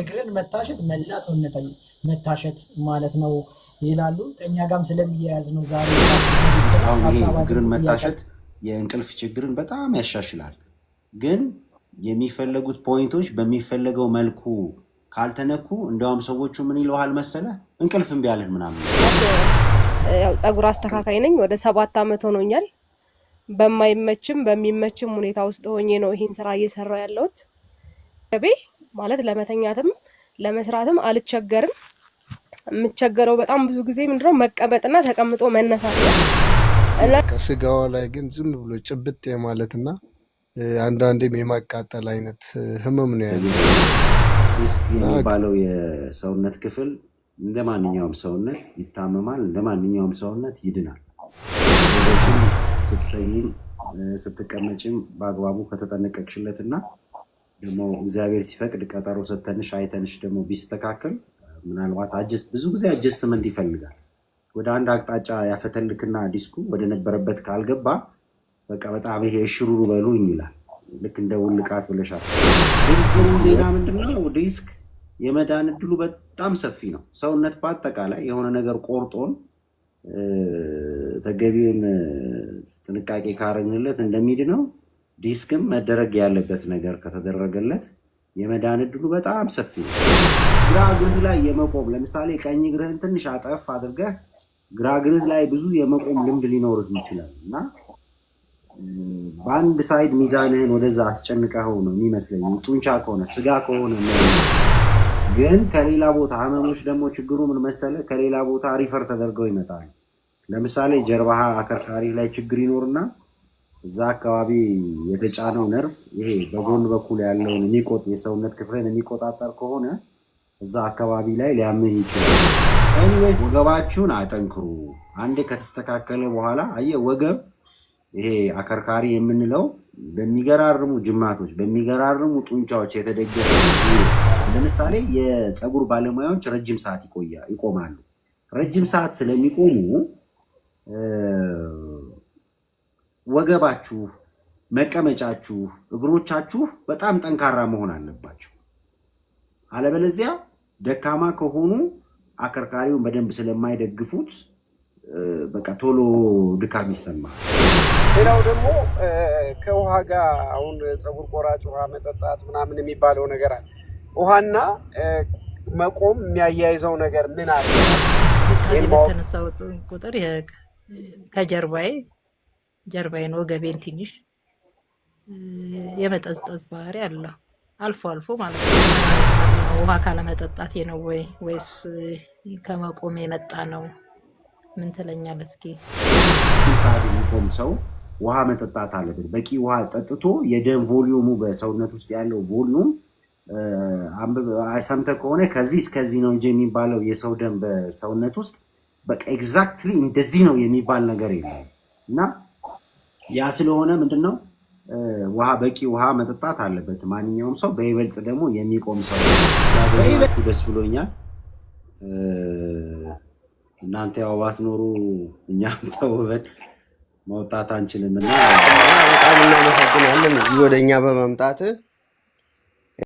እግርን መታሸት መላ ሰውነት መታሸት ማለት ነው ይላሉ። እኛ ጋም ስለሚያያዝ ነው ዛሬ እግርን መታሸት የእንቅልፍ ችግርን በጣም ያሻሽላል። ግን የሚፈለጉት ፖይንቶች በሚፈለገው መልኩ ካልተነኩ እንደውም ሰዎቹ ምን ይለዋል መሰለ እንቅልፍ እምቢ አለን ምናምን። ያው ጸጉር አስተካካይ ነኝ ወደ ሰባት ዓመት ሆኖኛል። በማይመችም በሚመችም ሁኔታ ውስጥ ሆኜ ነው ይህን ስራ እየሰራ ያለሁት ገቤ ማለት ለመተኛትም ለመስራትም አልቸገርም። የምቸገረው በጣም ብዙ ጊዜ ምንድነው መቀመጥና ተቀምጦ መነሳት ስጋዋ ላይ ግን ዝም ብሎ ጭብጥ የማለትና አንዳንዴም የማቃጠል አይነት ህመም ነው ያለ። ዲስክ የሚባለው የሰውነት ክፍል እንደ ማንኛውም ሰውነት ይታመማል፣ እንደ ማንኛውም ሰውነት ይድናል። ስትተኝም ስትቀመጭም በአግባቡ ከተጠነቀቅሽለትና ደግሞ እግዚአብሔር ሲፈቅድ ቀጠሮ ሰተንሽ አይተንሽ ደግሞ ቢስተካከል ምናልባት አጀስት ብዙ ጊዜ አጀስትመንት ይፈልጋል። ወደ አንድ አቅጣጫ ያፈተልክና ዲስኩ ወደ ነበረበት ካልገባ በቃ በጣም ይሄ እሽሩሩ በሉኝ ይላል። ልክ እንደ ውልቃት ብለሻ። ጥሩ ዜና ምንድነው? ዲስክ የመዳን እድሉ በጣም ሰፊ ነው። ሰውነት በአጠቃላይ የሆነ ነገር ቆርጦን ተገቢውን ጥንቃቄ ካረግንለት እንደሚድ ነው ዲስክም መደረግ ያለበት ነገር ከተደረገለት የመዳን እድሉ በጣም ሰፊ ነው። ግራ እግርህ ላይ የመቆም ለምሳሌ ቀኝ እግርህን ትንሽ አጠፍ አድርገህ ግራ እግርህ ላይ ብዙ የመቆም ልምድ ሊኖርህ ይችላል እና በአንድ ሳይድ ሚዛንህን ወደዛ አስጨንቀኸው ነው የሚመስለኝ። ጡንቻ ከሆነ ስጋ ከሆነ ግን ከሌላ ቦታ ህመሞች ደግሞ ችግሩ ምን መሰለ፣ ከሌላ ቦታ ሪፈር ተደርገው ይመጣል። ለምሳሌ ጀርባህ አከርካሪ ላይ ችግር ይኖርና እዛ አካባቢ የተጫነው ነርፍ ይሄ በጎን በኩል ያለውን የሚቆጥ የሰውነት ክፍልን የሚቆጣጠር ከሆነ እዛ አካባቢ ላይ ሊያምህ ይችላል። ኤኒዌይስ ወገባችሁን አጠንክሩ። አንዴ ከተስተካከለ በኋላ አየ ወገብ ይሄ አከርካሪ የምንለው በሚገራርሙ ጅማቶች በሚገራርሙ ጡንቻዎች የተደገፈ ለምሳሌ የፀጉር ባለሙያዎች ረጅም ሰዓት ይቆማሉ። ረጅም ሰዓት ስለሚቆሙ ወገባችሁ፣ መቀመጫችሁ፣ እግሮቻችሁ በጣም ጠንካራ መሆን አለባቸው። አለበለዚያ ደካማ ከሆኑ አከርካሪውን በደንብ ስለማይደግፉት በቃ ቶሎ ድካም ይሰማል። ሌላው ደግሞ ከውሃ ጋር አሁን ፀጉር ቆራጭ ውሃ መጠጣት ምናምን የሚባለው ነገር አለ። ውሃና መቆም የሚያያይዘው ነገር ምን አለ? ከተነሳሁት ቁጥር ከጀርባዬ ጀርባዬን ወገቤን ትንሽ የመጠዝጠዝ ባህሪ አለው አልፎ አልፎ ማለት ነው። ውሃ ካለመጠጣት ነው ወይ ወይስ ከመቆም የመጣ ነው? ምን ትለኛለህ? እስኪ ሰዓት የሚቆም ሰው ውሃ መጠጣት አለበት። በቂ ውሃ ጠጥቶ የደም ቮሊዩሙ በሰውነት ውስጥ ያለው ቮሊዩም ሰምተህ ከሆነ ከዚህ እስከዚህ ነው እንጂ የሚባለው የሰው ደም በሰውነት ውስጥ በቃ ኤግዛክትሊ እንደዚህ ነው የሚባል ነገር የለም እና ያ ስለሆነ ምንድን ነው ውሃ በቂ ውሃ መጠጣት አለበት ማንኛውም ሰው። በይበልጥ ደግሞ የሚቆም ሰው ደስ ብሎኛል። እናንተ ያው ባትኖሩ እኛም ተውበን መውጣት አንችልምና በጣም እናመሰግናለን ወደ እኛ በመምጣት